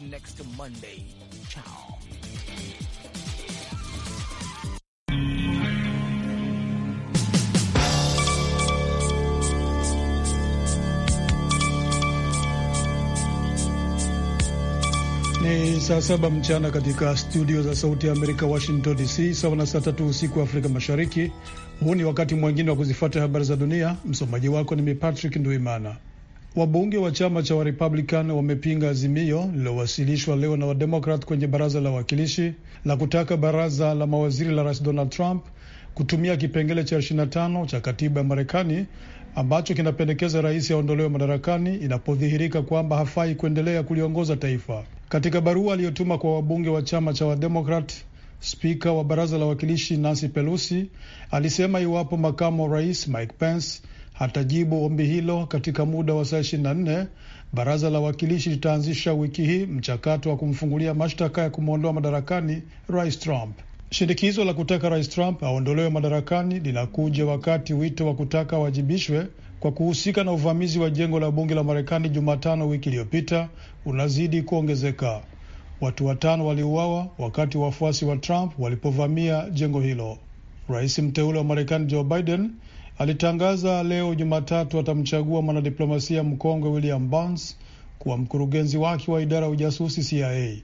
next Monday. Ciao. Ni saa saba mchana katika studio za Sauti ya Amerika, Washington DC, sawa na saa tatu usiku wa Afrika Mashariki. Huu ni wakati mwingine wa kuzifuata habari za dunia. Msomaji wako ni mimi Patrick Nduimana. Wabunge wa chama cha Warepublican wamepinga azimio lililowasilishwa leo na Wademokrat kwenye baraza la wawakilishi la kutaka baraza la mawaziri la Rais Donald Trump kutumia kipengele cha 25 cha katiba ya Marekani ambacho kinapendekeza rais aondolewe madarakani inapodhihirika kwamba hafai kuendelea kuliongoza taifa. Katika barua aliyotuma kwa wabunge wa chama cha Wademokrat, spika wa baraza la wawakilishi Nancy Pelosi alisema iwapo makamu wa rais Mike Pence hatajibu ombi hilo katika muda wa saa nne. Baraza la Wawakilishi litaanzisha wiki hii mchakato wa kumfungulia mashtaka ya kumwondoa madarakani rais Trump. Shinikizo la kutaka rais Trump aondolewe madarakani linakuja wakati wito wa kutaka awajibishwe kwa kuhusika na uvamizi wa jengo la bunge la Marekani Jumatano wiki iliyopita unazidi kuongezeka. Watu watano waliuawa wakati wafuasi wa Trump walipovamia jengo hilo. Rais mteule wa Marekani Joe Biden alitangaza leo Jumatatu atamchagua mwanadiplomasia mkongwe William Burns kuwa mkurugenzi wake wa idara ya ujasusi CIA.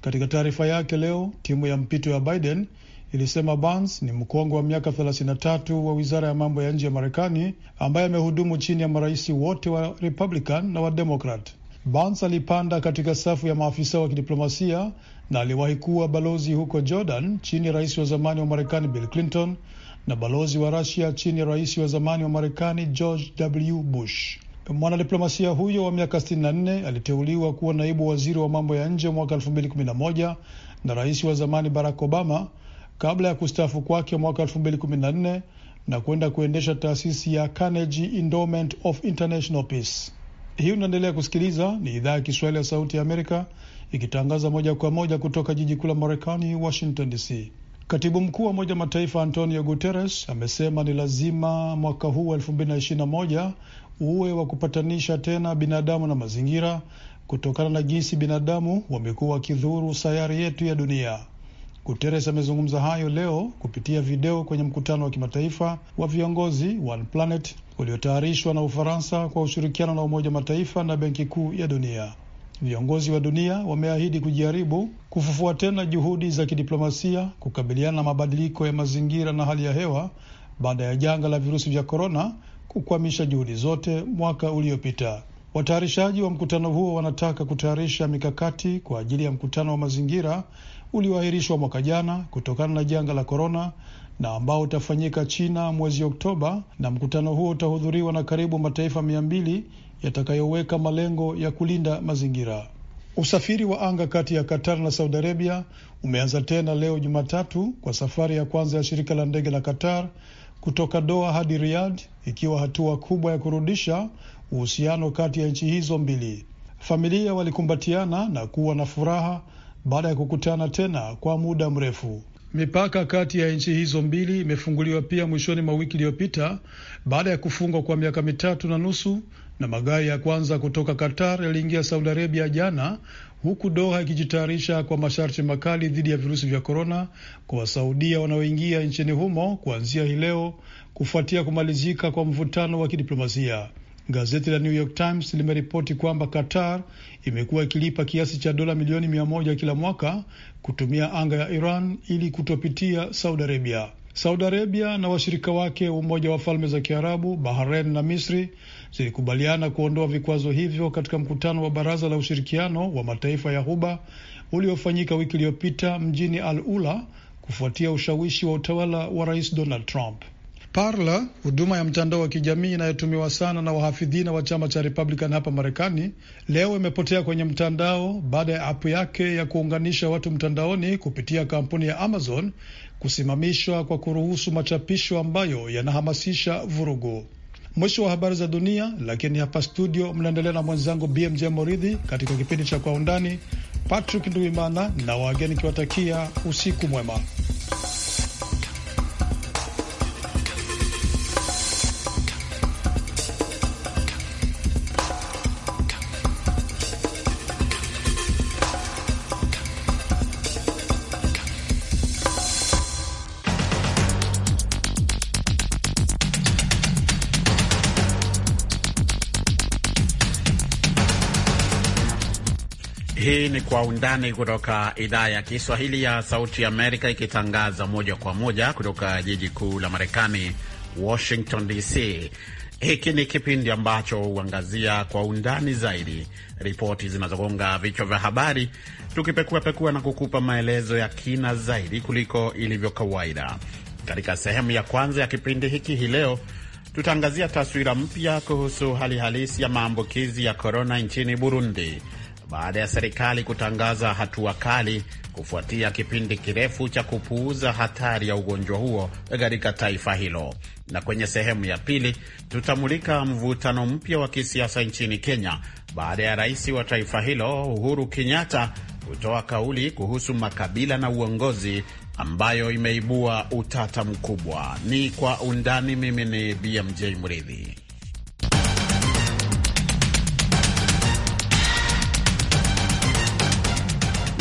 Katika taarifa yake leo, timu ya mpito ya Biden ilisema Burns ni mkongwe wa miaka 33 wa wizara ya mambo ya nje ya Marekani ambaye amehudumu chini ya marais wote wa Republican na wa Democrat. Burns alipanda katika safu ya maafisa wa kidiplomasia na aliwahi kuwa balozi huko Jordan chini ya rais wa zamani wa Marekani Bill Clinton na balozi wa Rasia chini ya rais wa zamani wa Marekani George W. Bush. Mwanadiplomasia huyo wa miaka 64 aliteuliwa kuwa naibu waziri wa mambo ya nje mwaka 2011 na rais wa zamani Barack Obama kabla ya kustaafu kwake mwaka 2014 na kwenda kuendesha taasisi ya Carnegie Endowment of International Peace. Hii unaendelea kusikiliza, ni idhaa ya Kiswahili ya Sauti ya Amerika ikitangaza moja kwa moja kutoka jiji kuu la Marekani, Washington DC. Katibu mkuu wa Umoja Mataifa Antonio Guterres amesema ni lazima mwaka huu wa elfu uwe wa kupatanisha tena binadamu na mazingira kutokana na jinsi binadamu wamekuwa wakidhuru sayari yetu ya dunia. Guterres amezungumza hayo leo kupitia video kwenye mkutano wa kimataifa wa viongozi One Planet uliotayarishwa na Ufaransa kwa ushirikiano na Umoja Mataifa na Benki Kuu ya Dunia. Viongozi wa dunia wameahidi kujaribu kufufua tena juhudi za kidiplomasia kukabiliana na mabadiliko ya mazingira na hali ya hewa baada ya janga la virusi vya korona kukwamisha juhudi zote mwaka uliopita. Watayarishaji wa mkutano huo wanataka kutayarisha mikakati kwa ajili ya mkutano wa mazingira ulioahirishwa mwaka jana kutokana na janga la korona na ambao utafanyika China mwezi Oktoba, na mkutano huo utahudhuriwa na karibu mataifa mia mbili yatakayoweka malengo ya kulinda mazingira. Usafiri wa anga kati ya Qatar na Saudi Arabia umeanza tena leo Jumatatu kwa safari ya kwanza ya shirika la ndege la Qatar kutoka Doha hadi Riyadh, ikiwa hatua kubwa ya kurudisha uhusiano kati ya nchi hizo mbili. Familia walikumbatiana na kuwa na furaha baada ya kukutana tena kwa muda mrefu. Mipaka kati ya nchi hizo mbili imefunguliwa pia mwishoni mwa wiki iliyopita baada ya kufungwa kwa miaka mitatu na nusu na magari ya kwanza kutoka Qatar yaliingia Saudi Arabia jana, huku Doha ikijitayarisha kwa masharti makali dhidi ya virusi vya korona kwa wasaudia wanaoingia nchini humo kuanzia hii leo kufuatia kumalizika kwa mvutano wa kidiplomasia. Gazeti la New York Times limeripoti kwamba Qatar imekuwa ikilipa kiasi cha dola milioni mia moja kila mwaka kutumia anga ya Iran ili kutopitia Saudi Arabia. Saudi Arabia na washirika wake Umoja wa Falme za Kiarabu, Bahrain na Misri zilikubaliana kuondoa vikwazo hivyo katika mkutano wa Baraza la Ushirikiano wa Mataifa ya Ghuba uliofanyika wiki iliyopita mjini Al Ula kufuatia ushawishi wa utawala wa Rais Donald Trump. Parler, huduma ya mtandao wa kijamii inayotumiwa sana na wahafidhina wa chama cha Republican hapa Marekani, leo imepotea kwenye mtandao baada ya apu yake ya kuunganisha watu mtandaoni kupitia kampuni ya Amazon kusimamishwa kwa kuruhusu machapisho ambayo yanahamasisha vurugu. Mwisho wa habari za dunia, lakini hapa studio mnaendelea na mwenzangu BMJ Moridhi katika kipindi cha Kwa Undani. Patrick Nduimana na wageni kiwatakia usiku mwema. Kwa Undani kutoka idhaa ya Kiswahili ya Sauti Amerika, ikitangaza moja kwa moja kutoka jiji kuu la Marekani, Washington DC. Hiki ni kipindi ambacho huangazia kwa undani zaidi ripoti zinazogonga vichwa vya habari, tukipekuapekua na kukupa maelezo ya kina zaidi kuliko ilivyo kawaida. Katika sehemu ya kwanza ya kipindi hiki hii leo tutaangazia taswira mpya kuhusu hali halisi ya maambukizi ya korona nchini Burundi baada ya serikali kutangaza hatua kali kufuatia kipindi kirefu cha kupuuza hatari ya ugonjwa huo katika taifa hilo. Na kwenye sehemu ya pili tutamulika mvutano mpya wa kisiasa nchini Kenya baada ya rais wa taifa hilo Uhuru Kenyatta kutoa kauli kuhusu makabila na uongozi ambayo imeibua utata mkubwa. Ni kwa undani. Mimi ni BMJ Mridhi.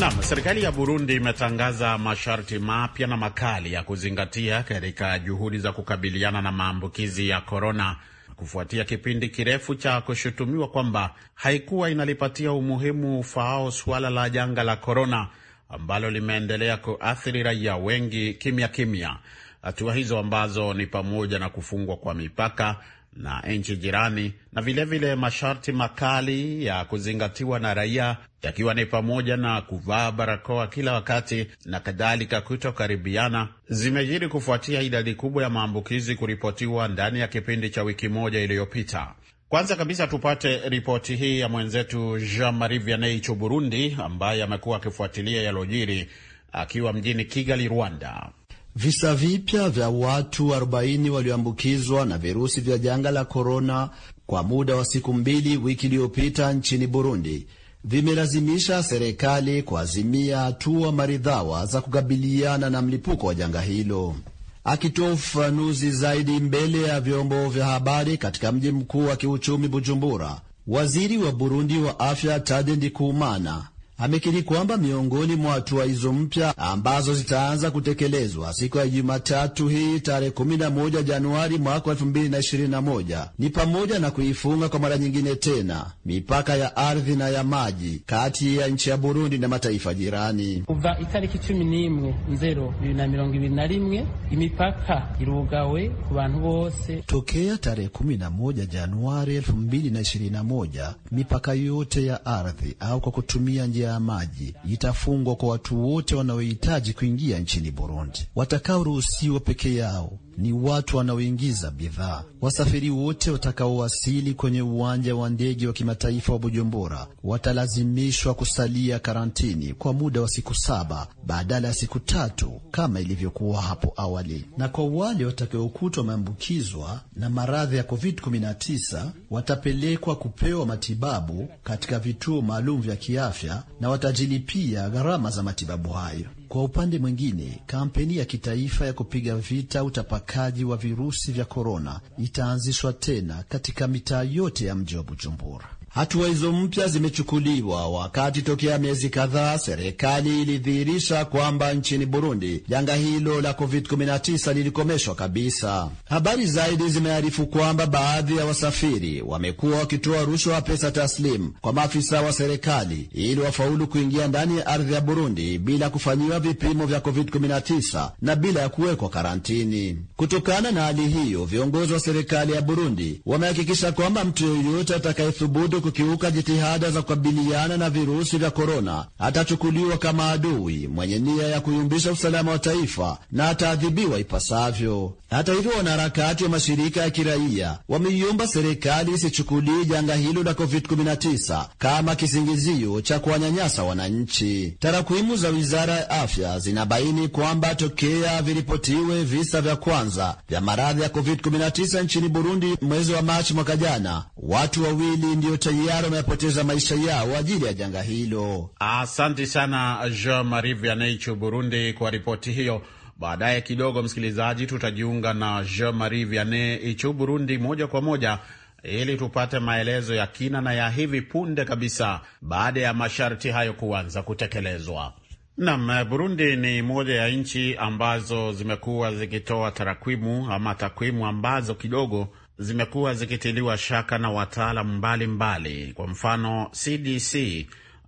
Naam, serikali ya Burundi imetangaza masharti mapya na makali ya kuzingatia katika juhudi za kukabiliana na maambukizi ya korona kufuatia kipindi kirefu cha kushutumiwa kwamba haikuwa inalipatia umuhimu ufaao suala la janga la korona ambalo limeendelea kuathiri raia wengi kimya kimya. Hatua hizo ambazo ni pamoja na kufungwa kwa mipaka na nchi jirani na vilevile vile masharti makali ya kuzingatiwa na raia yakiwa ni pamoja na kuvaa barakoa kila wakati na kadhalika, kutokaribiana, zimejiri kufuatia idadi kubwa ya maambukizi kuripotiwa ndani ya kipindi cha wiki moja iliyopita. Kwanza kabisa tupate ripoti hii ya mwenzetu Jean Marie Vianney Chu Burundi, ambaye amekuwa akifuatilia yalojiri akiwa mjini Kigali, Rwanda. Visa vipya vya watu 40 walioambukizwa na virusi vya janga la korona kwa muda wa siku mbili wiki iliyopita nchini Burundi vimelazimisha serikali kuazimia hatua maridhawa za kukabiliana na mlipuko wa janga hilo. Akitoa ufafanuzi zaidi mbele ya vyombo vya habari katika mji mkuu wa kiuchumi Bujumbura, waziri wa Burundi wa afya Tade Ndikumana amekiri kwamba miongoni mwa hatua hizo mpya ambazo zitaanza kutekelezwa siku ya Jumatatu hii tarehe 11 Januari mwaka 2021 ni pamoja na kuifunga kwa mara nyingine tena mipaka ya ardhi na ya maji kati ya nchi ya Burundi na mataifa jirani. Kuva itariki cumi n'imwe nzero bibiri na mirongo ibiri na rimwe imipaka irugawe ku bantu bose. Tokea tarehe 11 Januari 2021 mipaka yote ya ardhi au kwa kutumia njia ya maji itafungwa kwa watu wote wanaohitaji kuingia nchini Burundi. Watakaoruhusiwa peke yao ni watu wanaoingiza bidhaa. Wasafiri wote watakaowasili kwenye uwanja wa ndege wa kimataifa wa Bujumbura watalazimishwa kusalia karantini kwa muda wa siku saba badala ya siku tatu kama ilivyokuwa hapo awali, na kwa wale watakaokutwa wameambukizwa na maradhi ya COVID-19 watapelekwa kupewa matibabu katika vituo maalum vya kiafya na watajilipia gharama za matibabu hayo. Kwa upande mwingine, kampeni ya kitaifa ya kupiga vita utapakaji wa virusi vya korona itaanzishwa tena katika mitaa yote ya mji wa Bujumbura. Hatua hizo mpya zimechukuliwa wakati tokea miezi kadhaa serikali ilidhihirisha kwamba nchini Burundi janga hilo la COVID-19 lilikomeshwa kabisa. Habari zaidi zimearifu kwamba baadhi ya wasafiri wamekuwa wakitoa rushwa pesa taslimu kwa maafisa wa serikali ili wafaulu kuingia ndani ya ardhi ya Burundi bila kufanyiwa vipimo vya COVID-19 na bila ya kuwekwa karantini. Kutokana na hali hiyo, viongozi wa serikali ya Burundi wamehakikisha kwamba mtu yoyote atakayethubutu kukiuka jitihada za kukabiliana na virusi vya korona atachukuliwa kama adui mwenye nia ya kuyumbisha usalama wa taifa na ataadhibiwa ipasavyo. Hata hivyo, wanaharakati wa mashirika ya kiraia wameiomba serikali isichukulie janga hilo la COVID-19 kama kisingizio cha kuwanyanyasa wananchi. tarakwimu za wizara ya afya zinabaini kwamba tokea viripotiwe visa vya kwanza vya maradhi ya COVID-19 nchini Burundi mwezi wa Machi mwaka jana, watu wawili ndiyo sayara wamepoteza maisha yao ajili ya janga hilo. Asante sana Jean Marie Vianney Burundi kwa ripoti hiyo. Baadaye kidogo, msikilizaji, tutajiunga na Jean Marie Vianney Ichu Burundi moja kwa moja ili tupate maelezo ya kina na ya hivi punde kabisa baada ya masharti hayo kuanza kutekelezwa. nam Burundi ni moja ya nchi ambazo zimekuwa zikitoa tarakwimu ama takwimu ambazo kidogo zimekuwa zikitiliwa shaka na wataalamu mbalimbali. Kwa mfano, CDC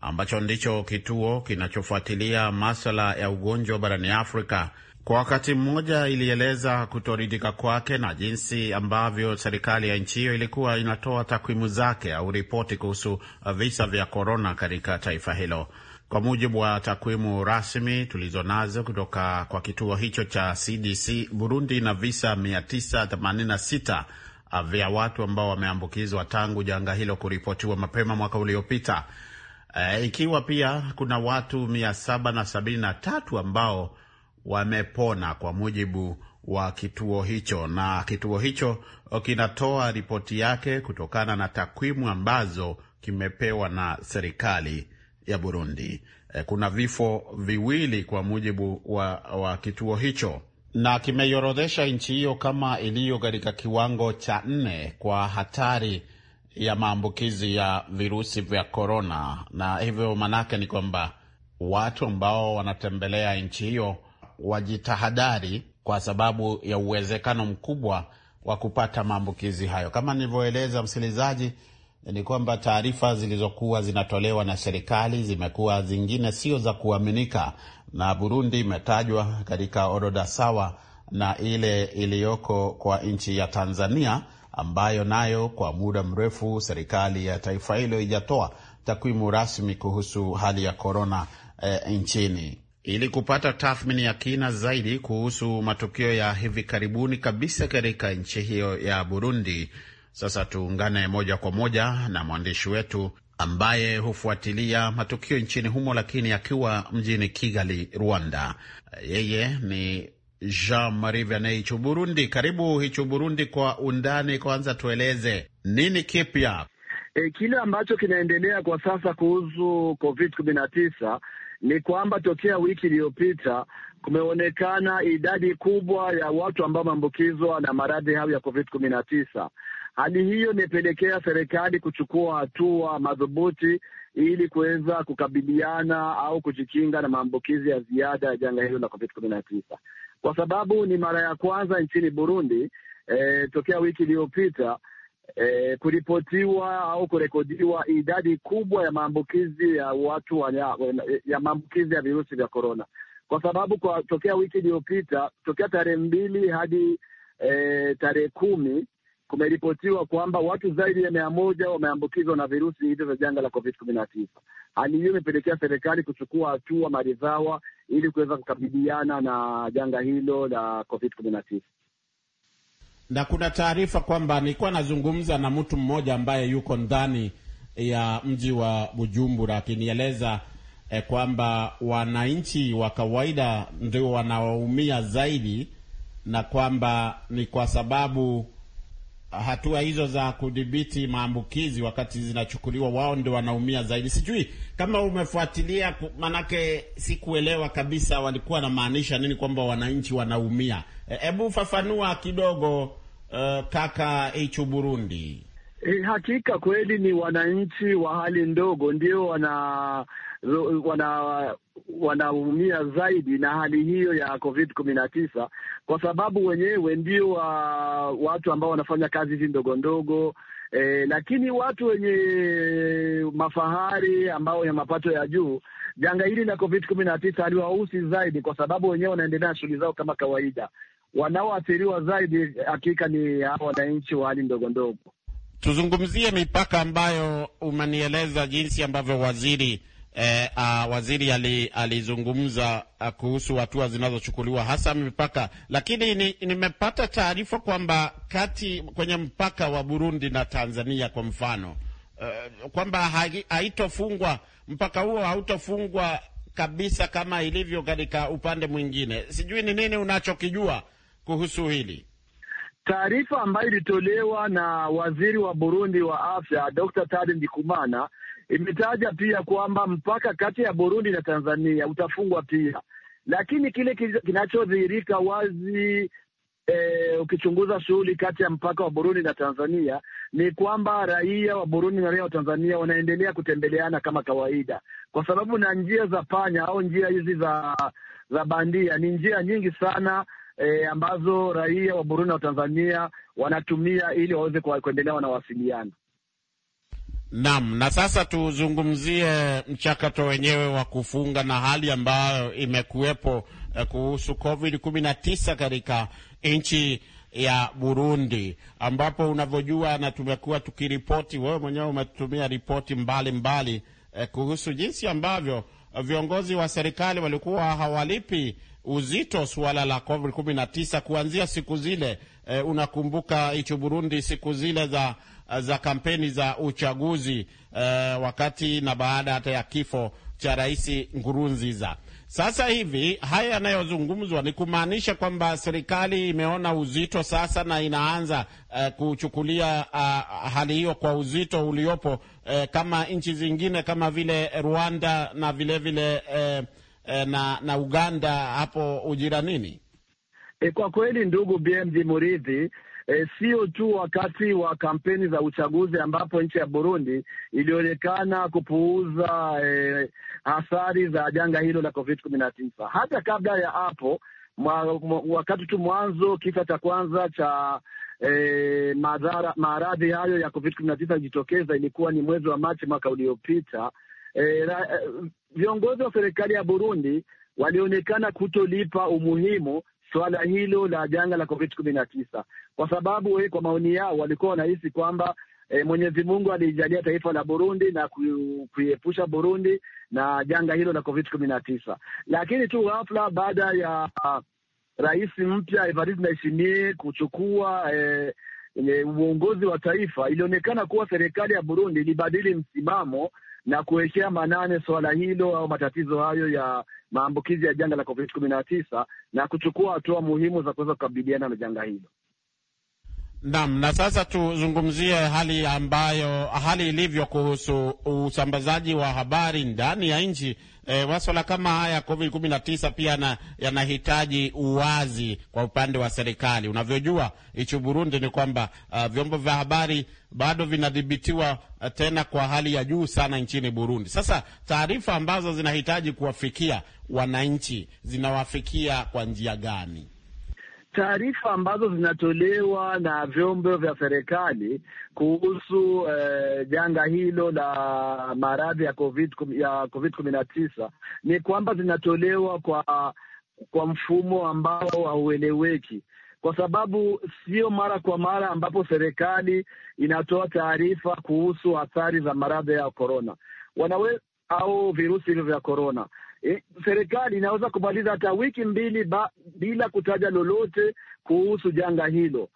ambacho ndicho kituo kinachofuatilia maswala ya ugonjwa barani Afrika, kwa wakati mmoja ilieleza kutoridhika kwake na jinsi ambavyo serikali ya nchi hiyo ilikuwa inatoa takwimu zake au ripoti kuhusu visa vya korona katika taifa hilo. Kwa mujibu wa takwimu rasmi tulizonazo kutoka kwa kituo hicho cha CDC, Burundi ina visa 986 Uh, vya watu ambao wameambukizwa tangu janga hilo kuripotiwa mapema mwaka uliopita. E, ikiwa pia kuna watu mia saba na sabini na tatu ambao wamepona kwa mujibu wa kituo hicho, na kituo hicho uh, kinatoa ripoti yake kutokana na takwimu ambazo kimepewa na serikali ya Burundi. E, kuna vifo viwili kwa mujibu wa, wa kituo hicho na kimeiorodhesha nchi hiyo kama iliyo katika kiwango cha nne kwa hatari ya maambukizi ya virusi vya korona, na hivyo maanake ni kwamba watu ambao wanatembelea nchi hiyo wajitahadhari kwa sababu ya uwezekano mkubwa wa kupata maambukizi hayo. Kama nilivyoeleza msikilizaji, ni kwamba taarifa zilizokuwa zinatolewa na serikali zimekuwa zingine sio za kuaminika, na Burundi imetajwa katika orodha sawa na ile iliyoko kwa nchi ya Tanzania ambayo nayo kwa muda mrefu serikali ya taifa hilo ijatoa takwimu rasmi kuhusu hali ya korona e, eh, nchini. Ili kupata tathmini ya kina zaidi kuhusu matukio ya hivi karibuni kabisa katika nchi hiyo ya Burundi, sasa tuungane moja kwa moja na mwandishi wetu ambaye hufuatilia matukio nchini humo, lakini akiwa mjini Kigali, Rwanda. Yeye ni Jean Marie Vianney Hichu Burundi. Karibu Hichu Burundi kwa undani. Kwanza tueleze nini kipya e, kile ambacho kinaendelea kwa sasa kuhusu Covid kumi na tisa ni kwamba tokea wiki iliyopita kumeonekana idadi kubwa ya watu ambao wameambukizwa na maradhi hayo ya Covid kumi na tisa Hali hiyo imepelekea serikali kuchukua hatua madhubuti ili kuweza kukabiliana au kujikinga na maambukizi ya ziada ya janga hilo la Covid kumi na tisa, kwa sababu ni mara ya kwanza nchini Burundi eh, tokea wiki iliyopita eh, kuripotiwa au kurekodiwa idadi kubwa ya maambukizi ya watu wanya, ya maambukizi ya virusi vya korona, kwa sababu kwa tokea wiki iliyopita tokea tarehe mbili hadi eh, tarehe kumi kumeripotiwa kwamba watu zaidi ya mia moja wameambukizwa na virusi hivyo vya janga la Covid kumi na tisa. Hali hiyo imepelekea serikali kuchukua hatua maridhawa ili kuweza kukabiliana na janga hilo la Covid kumi na tisa. Na kuna taarifa kwamba, nilikuwa nazungumza na mtu mmoja ambaye yuko ndani ya mji wa Bujumbura akinieleza eh, kwamba wananchi wa kawaida ndio wanaoumia zaidi na kwamba ni kwa sababu hatua hizo za kudhibiti maambukizi wakati zinachukuliwa, wao ndio wanaumia zaidi. Sijui kama umefuatilia, manake sikuelewa kabisa walikuwa wanamaanisha nini kwamba wananchi wanaumia. E, hebu fafanua kidogo, uh, kaka hichu Burundi. E, hakika kweli ni wananchi wa hali ndogo ndio wana wana wanaumia zaidi na hali hiyo ya Covid kumi na tisa, kwa sababu wenyewe ndio wa, uh, watu ambao wanafanya kazi hizi ndogo ndogo E, lakini watu wenye mafahari ambao ya mapato ya juu, janga hili la Covid kumi na tisa haliwahusi zaidi, kwa sababu wenyewe wanaendelea na shughuli zao kama kawaida. Wanaoathiriwa zaidi hakika ni hawa wananchi wa hali ndogo ndogo. Tuzungumzie mipaka ambayo umenieleza jinsi ambavyo waziri eh, a, ah, waziri ali, alizungumza ah, kuhusu hatua zinazochukuliwa hasa mipaka, lakini ni, nimepata taarifa kwamba kati kwenye mpaka wa Burundi na Tanzania kwa mfano eh, kwamba haitofungwa mpaka huo hautofungwa kabisa kama ilivyo katika upande mwingine. Sijui ni nini unachokijua kuhusu hili. Taarifa ambayo ilitolewa na waziri wa Burundi wa afya Dr. Tadi Ndikumana imetaja pia kwamba mpaka kati ya Burundi na Tanzania utafungwa pia, lakini kile kinachodhihirika wazi E, ukichunguza shughuli kati ya mpaka wa Burundi na Tanzania ni kwamba raia wa Burundi na raia wa Tanzania wanaendelea kutembeleana kama kawaida, kwa sababu na njia za panya au njia hizi za za bandia ni njia nyingi sana e, ambazo raia wa Burundi na wa Tanzania wanatumia ili waweze kuendelea wanawasiliana. Naam, na sasa tuzungumzie mchakato wenyewe wa kufunga na hali ambayo imekuwepo eh, kuhusu COVID-19 katika nchi ya Burundi ambapo unavyojua, na tumekuwa tukiripoti, wewe mwenyewe umetumia ripoti mbalimbali eh, kuhusu jinsi ambavyo viongozi wa serikali walikuwa hawalipi uzito suala la COVID-19 kuanzia siku zile eh, unakumbuka hicho Burundi siku zile za Eh, za kampeni za uchaguzi uh, wakati na baada hata ya kifo cha Rais Nkurunziza. Sasa hivi haya yanayozungumzwa ni kumaanisha kwamba serikali imeona uzito sasa na inaanza uh, kuchukulia uh, hali hiyo kwa uzito uliopo uh, kama nchi zingine kama vile Rwanda na vilevile vile, uh, uh, na, na Uganda hapo ujiranini. E, kwa kweli ndugu BMG Muridhi Eh, sio e, tu wakati wa kampeni za uchaguzi ambapo nchi ya Burundi ilionekana kupuuza e, athari za janga hilo la Covid kumi na tisa. Hata kabla ya hapo, wakati tu mwanzo kisa cha kwanza cha E, maradhi hayo ya Covid kumi na tisa ilijitokeza, ilikuwa ni mwezi wa Machi mwaka uliopita. E, viongozi wa serikali ya Burundi walionekana kutolipa umuhimu suala hilo la janga la Covid kumi na tisa, kwa sababu eh, kwa maoni yao walikuwa wanahisi kwamba E, Mwenyezi Mungu aliijalia taifa la Burundi na kuiepusha Burundi na janga hilo la Covid kumi na tisa, lakini tu ghafla baada ya ah, rais mpya Evariste Ndayishimiye kuchukua e, e, uongozi wa taifa, ilionekana kuwa serikali ya Burundi ilibadili msimamo na kuwekea manane suala hilo au matatizo hayo ya maambukizi ya janga la COVID kumi na tisa na kuchukua hatua muhimu za kuweza kukabiliana na janga hilo. Naam, na sasa tuzungumzie hali ambayo hali ilivyo kuhusu usambazaji wa habari ndani ya nchi. E, maswala kama haya COVID 19 pia yanahitaji uwazi kwa upande wa serikali. Unavyojua hichi Burundi ni kwamba uh, vyombo vya habari bado vinadhibitiwa uh, tena kwa hali ya juu sana nchini Burundi. Sasa taarifa ambazo zinahitaji kuwafikia wananchi zinawafikia kwa njia gani? taarifa ambazo zinatolewa na vyombo vya serikali kuhusu eh, janga hilo la maradhi ya COVID ya COVID kumi na tisa ni kwamba zinatolewa kwa kwa mfumo ambao haueleweki kwa sababu sio mara kwa mara ambapo serikali inatoa taarifa kuhusu athari za maradhi ya korona wanawe au virusi hivyo vya korona. E, serikali inaweza kumaliza hata wiki mbili ba, bila kutaja lolote kuhusu janga hilo.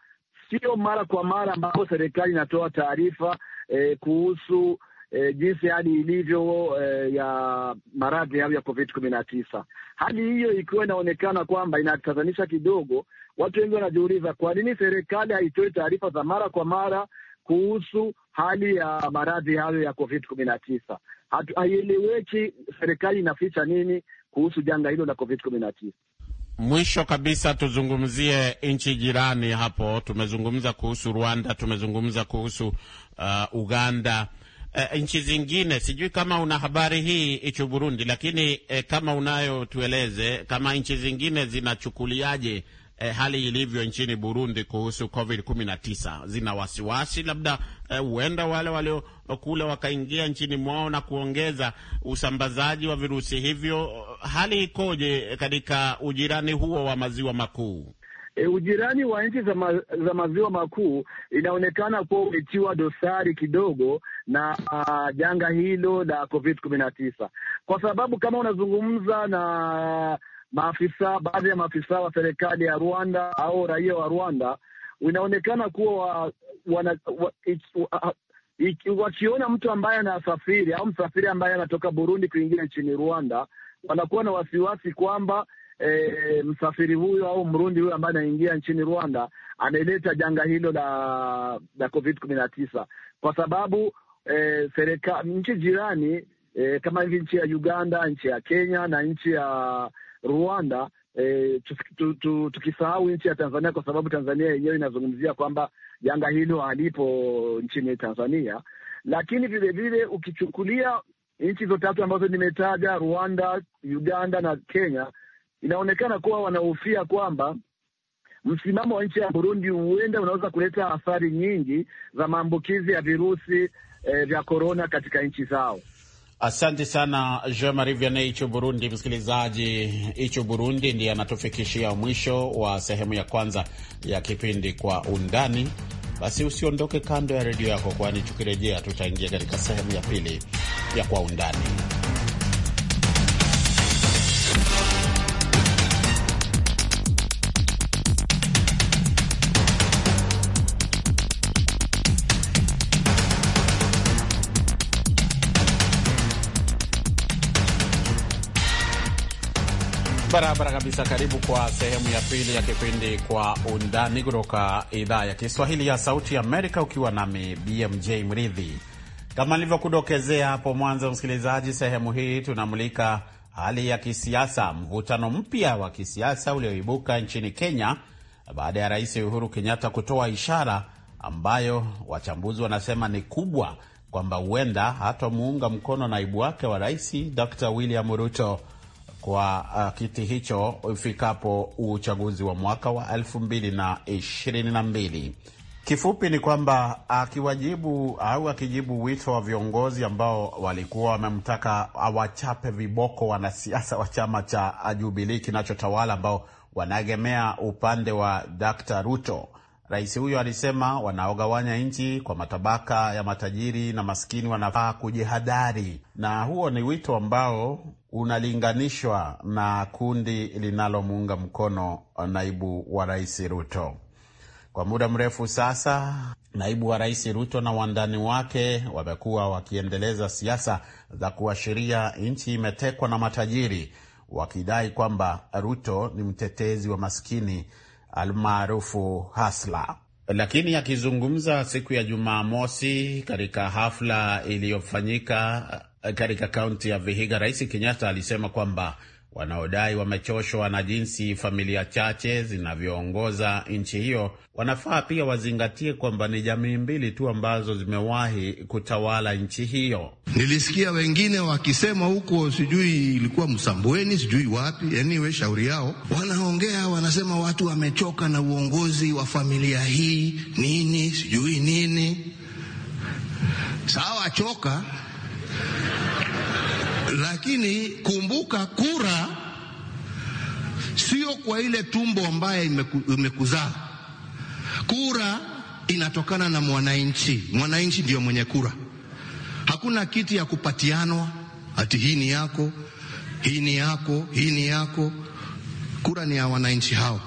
Sio mara kwa mara ambapo serikali inatoa taarifa eh, kuhusu eh, jinsi hali ilivyo eh, ya maradhi hayo ya Covid kumi na tisa. Hali hiyo ikiwa inaonekana kwamba inatatanisha kidogo, watu wengi wanajiuliza kwa nini serikali haitoi taarifa za mara kwa mara kuhusu hali ya maradhi hayo ya Covid kumi na tisa haieleweki serikali inaficha nini kuhusu janga hilo la Covid kumi na tisa. Mwisho kabisa tuzungumzie nchi jirani hapo. Tumezungumza kuhusu Rwanda, tumezungumza kuhusu uh, Uganda. Uh, nchi zingine sijui kama una habari hii ichu Burundi, lakini eh, kama unayo tueleze kama nchi zingine zinachukuliaje eh, hali ilivyo nchini Burundi kuhusu COVID-19. Zina wasiwasi labda eh, huenda eh, wale waliokula wakaingia nchini mwao na kuongeza usambazaji wa virusi hivyo. Hali ikoje katika ujirani huo wa maziwa makuu? E, ujirani wa nchi za, ma, za maziwa makuu inaonekana kuwa umetiwa dosari kidogo na uh, janga hilo la COVID kumi na tisa, kwa sababu kama unazungumza na maafisa, baadhi ya maafisa wa serikali ya Rwanda au raia wa Rwanda inaonekana kuwa wakiona wa, wa, wakiona mtu ambaye anasafiri au msafiri ambaye anatoka Burundi kuingia nchini Rwanda, wanakuwa na wasiwasi kwamba E, msafiri huyo au Mrundi huyo ambaye anaingia nchini Rwanda ameleta janga hilo la la Covid kumi na tisa kwa sababu e, eh, serikali nchi jirani e, kama hivi nchi ya Uganda, nchi ya Kenya na nchi ya Rwanda e, tukisahau nchi ya Tanzania kwa sababu Tanzania yenyewe inazungumzia kwamba janga hilo halipo nchini Tanzania, lakini vilevile ukichukulia nchi hizo tatu ambazo nimetaja, Rwanda, Uganda na Kenya, inaonekana kuwa wanahofia kwamba msimamo wa nchi ya Burundi huenda unaweza kuleta athari nyingi za maambukizi ya virusi eh, vya korona katika nchi zao. Asante sana Jean Marie Vianney Ichu Burundi. Msikilizaji, Ichu Burundi ndiye anatufikishia mwisho wa sehemu ya kwanza ya kipindi Kwa Undani. Basi usiondoke kando ya redio yako, kwani tukirejea tutaingia katika sehemu ya pili ya Kwa Undani. Barabara kabisa. Karibu kwa sehemu ya pili ya kipindi Kwa Undani kutoka idhaa ya Kiswahili ya Sauti ya Amerika, ukiwa nami BMJ Mridhi. Kama nilivyokudokezea hapo mwanzo, msikilizaji, sehemu hii tunamulika hali ya kisiasa, mvutano mpya wa kisiasa ulioibuka nchini Kenya baada ya Rais Uhuru Kenyatta kutoa ishara ambayo wachambuzi wanasema ni kubwa kwamba huenda hatamuunga mkono naibu wake wa rais Dr William Ruto kwa uh, kiti hicho ifikapo uchaguzi wa mwaka wa mbili. Kifupi ni kwamba akiwajibu au akijibu wito wa viongozi ambao walikuwa wamemtaka awachape viboko wanasiasa wa chama cha Jubilii kinachotawala ambao wanaegemea upande wa Dr. Ruto. Rais huyo alisema wanaogawanya nchi kwa matabaka ya matajiri na maskini wanafaa kujihadhari, na huo ni wito ambao unalinganishwa na kundi linalomuunga mkono naibu wa rais Ruto. Kwa muda mrefu sasa, naibu wa rais Ruto na wandani wake wamekuwa wakiendeleza siasa za kuashiria nchi imetekwa na matajiri, wakidai kwamba Ruto ni mtetezi wa maskini almaarufu hasla. Lakini akizungumza siku ya Jumamosi katika hafla iliyofanyika katika kaunti ya Vihiga, Rais Kenyatta alisema kwamba wanaodai wamechoshwa na jinsi familia chache zinavyoongoza nchi hiyo wanafaa pia wazingatie kwamba ni jamii mbili tu ambazo zimewahi kutawala nchi hiyo. Nilisikia wengine wakisema huko, sijui ilikuwa Msambweni, sijui wapi, anyway shauri yao. Wanaongea wanasema watu wamechoka na uongozi wa familia hii, nini sijui nini. Sawa, choka lakini kumbuka, kura sio kwa ile tumbo ambaye imeku, imekuzaa. Kura inatokana na mwananchi. Mwananchi ndio mwenye kura. Hakuna kiti ya kupatianwa ati hii ni yako, hii ni yako, hii ni yako. Kura ni ya wananchi hao.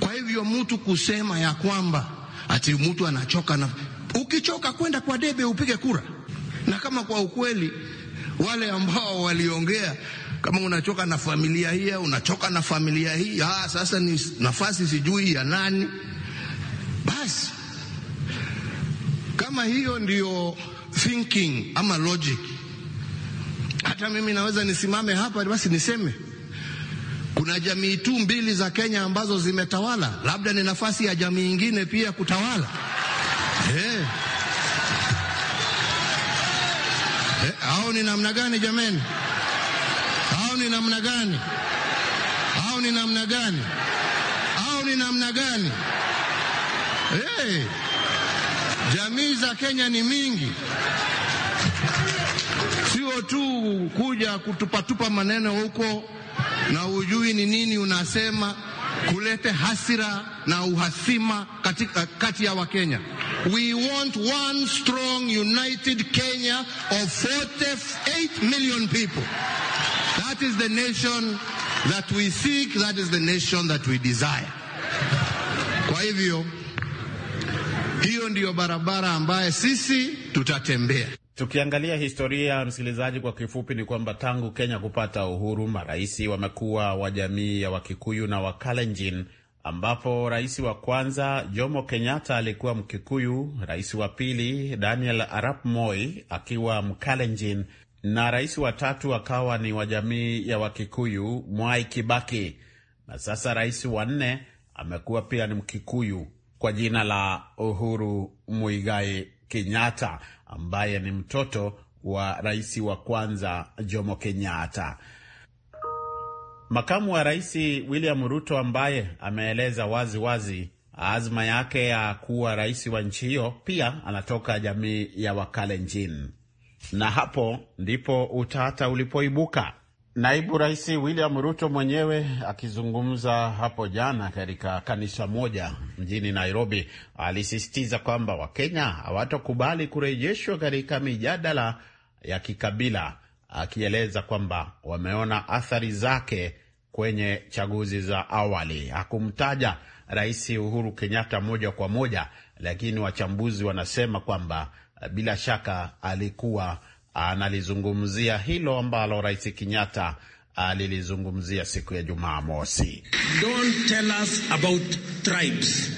Kwa hivyo mtu kusema ya kwamba ati mtu anachoka na ukichoka kwenda kwa debe upige kura na kama kwa ukweli wale ambao waliongea kama unachoka na familia hii, unachoka na familia hii, ah, sasa ni nafasi sijui ya nani. Basi kama hiyo ndiyo thinking ama logic, hata mimi naweza nisimame hapa basi niseme kuna jamii tu mbili za Kenya ambazo zimetawala, labda ni nafasi ya jamii ingine pia kutawala. Hey. Eh. au ni namna gani jameni? Au ni namna gani? Au ni namna gani? Au ni namna gani? Hey, jamii za Kenya ni mingi, sio tu kuja kutupatupa maneno huko na ujui ni nini unasema, kulete hasira na uhasima kati ya Wakenya. We want one strong, united Kenya of 48 million people. That is the nation that we seek, that is the nation that we desire. Kwa hivyo hiyo ndiyo barabara ambaye sisi tutatembea. Tukiangalia historia, msikilizaji, kwa kifupi ni kwamba tangu Kenya kupata uhuru, marais wamekuwa wa jamii ya Wakikuyu na Wakalenjin ambapo rais wa kwanza Jomo Kenyatta alikuwa Mkikuyu, rais wa pili Daniel Arap Moi akiwa Mkalenjin na rais wa tatu akawa ni wa jamii ya Wakikuyu Mwai Kibaki, na sasa rais wa nne amekuwa pia ni Mkikuyu kwa jina la Uhuru Muigai Kenyatta ambaye ni mtoto wa rais wa kwanza Jomo Kenyatta. Makamu wa Rais William Ruto ambaye ameeleza wazi wazi azma yake ya kuwa rais wa nchi hiyo, pia anatoka jamii ya Wakalenjin, na hapo ndipo utata ulipoibuka. Naibu Rais William Ruto mwenyewe akizungumza hapo jana katika kanisa moja mjini Nairobi, alisisitiza kwamba Wakenya hawatokubali kurejeshwa katika mijadala ya kikabila akieleza kwamba wameona athari zake kwenye chaguzi za awali. Hakumtaja Rais Uhuru Kenyatta moja kwa moja, lakini wachambuzi wanasema kwamba eh, bila shaka alikuwa analizungumzia hilo ambalo Rais Kenyatta alilizungumzia siku ya Jumamosi. Don't tell us about tribes.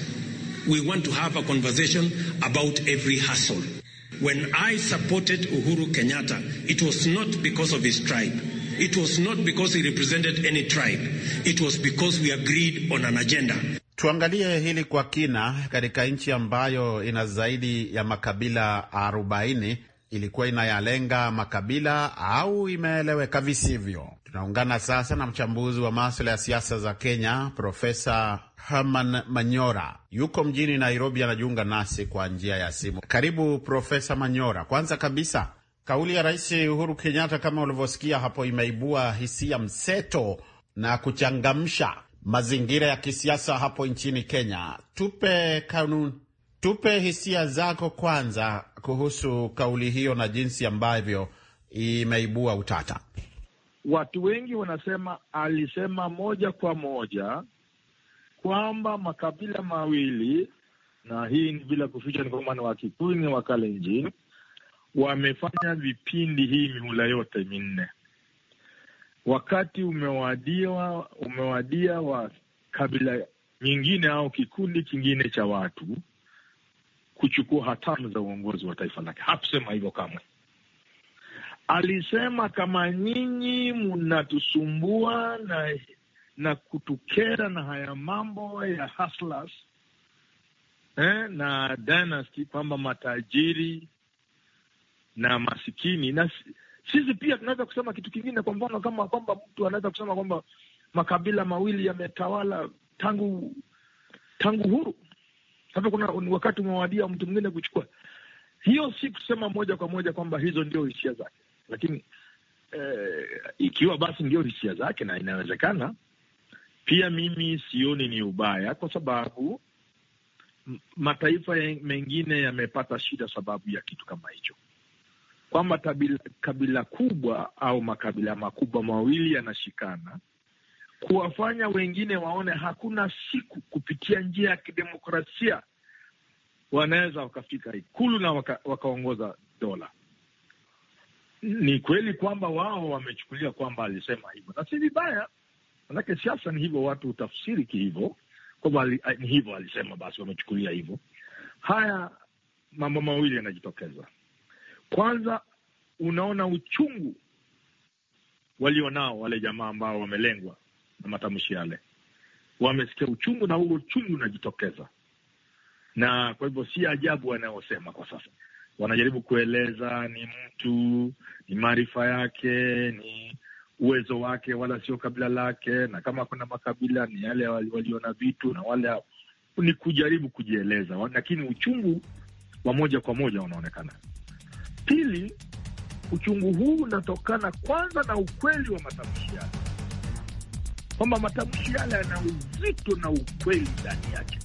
We want to have a conversation about every hustle. When I supported Uhuru Kenyatta, it was not because of his tribe. It was not because he represented any tribe. It was because we agreed on an agenda. Tuangalie hili kwa kina. Katika nchi ambayo ina zaidi ya makabila 40, ilikuwa inayalenga makabila au imeeleweka visivyo? Tunaungana sasa na mchambuzi wa maswala ya siasa za Kenya, Profesa Herman Manyora, yuko mjini Nairobi, anajiunga nasi kwa njia ya simu. Karibu Profesa Manyora. Kwanza kabisa, kauli ya Rais Uhuru Kenyatta kama ulivyosikia hapo, imeibua hisia mseto na kuchangamsha mazingira ya kisiasa hapo nchini Kenya. Tupe kanuni, tupe hisia zako kwanza kuhusu kauli hiyo na jinsi ambavyo imeibua utata watu wengi wanasema alisema moja kwa moja kwamba makabila mawili, na hii ni bila kuficha, ni kwamba na Wakikuyu na Wakalenjin wamefanya vipindi hii mihula yote minne. Wakati umewadia umewadia wa kabila nyingine au kikundi kingine cha watu kuchukua hatamu za uongozi wa taifa lake. Hakusema hivyo kamwe. Alisema kama nyinyi mnatusumbua na, na kutukera na haya mambo ya hustlers, eh, na dynasty kwamba matajiri na masikini, na sisi pia tunaweza kusema kitu kingine, kwa mfano kama kwamba mtu anaweza kusema kwamba makabila mawili yametawala tangu tangu huru. Sasa kuna wakati umewadia mtu mwingine kuchukua hiyo, si kusema moja kwa moja kwamba hizo ndio hisia zake lakini eh, ikiwa basi ndio hisia zake na inawezekana pia, mimi sioni ni ubaya, kwa sababu mataifa mengine yamepata shida sababu ya kitu kama hicho, kwamba kabila kubwa au makabila makubwa mawili yanashikana kuwafanya wengine waone hakuna siku kupitia njia ya kidemokrasia wanaweza wakafika Ikulu na wakaongoza waka dola. Ni kweli kwamba wao wamechukulia kwamba alisema hivyo, na si vibaya, manake siasa ni hivyo, watu utafsiri kihivyo kwamba ni hivyo alisema, basi wamechukulia hivyo. Haya, mambo mawili yanajitokeza. Kwanza, unaona uchungu walionao wale jamaa ambao wamelengwa na matamshi yale, wamesikia uchungu na huo uchungu unajitokeza, na kwa hivyo si ajabu wanayosema kwa sasa wanajaribu kueleza ni mtu, ni maarifa yake, ni uwezo wake, wala sio kabila lake, na kama kuna makabila ni yale waliona vitu na wale, ni kujaribu kujieleza, lakini uchungu wa moja kwa moja unaonekana. Pili, uchungu huu unatokana kwanza na ukweli wa matamshi yake, kwamba matamshi yale yana uzito na ukweli ndani yake,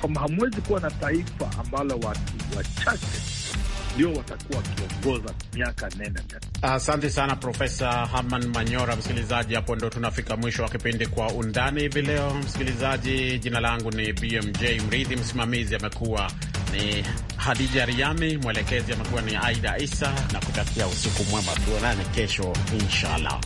kwamba hamwezi kuwa na taifa ambalo watu wachache ndio watakuwa wakiongoza miaka nene. Asante sana Profesa Haman Manyora. Msikilizaji, hapo ndo tunafika mwisho wa kipindi Kwa Undani hivi leo. Msikilizaji, jina langu ni BMJ Mridhi, msimamizi amekuwa ni Hadija Riami, mwelekezi amekuwa ni Aida Isa, na kutakia usiku mwema, tuonane kesho inshallah.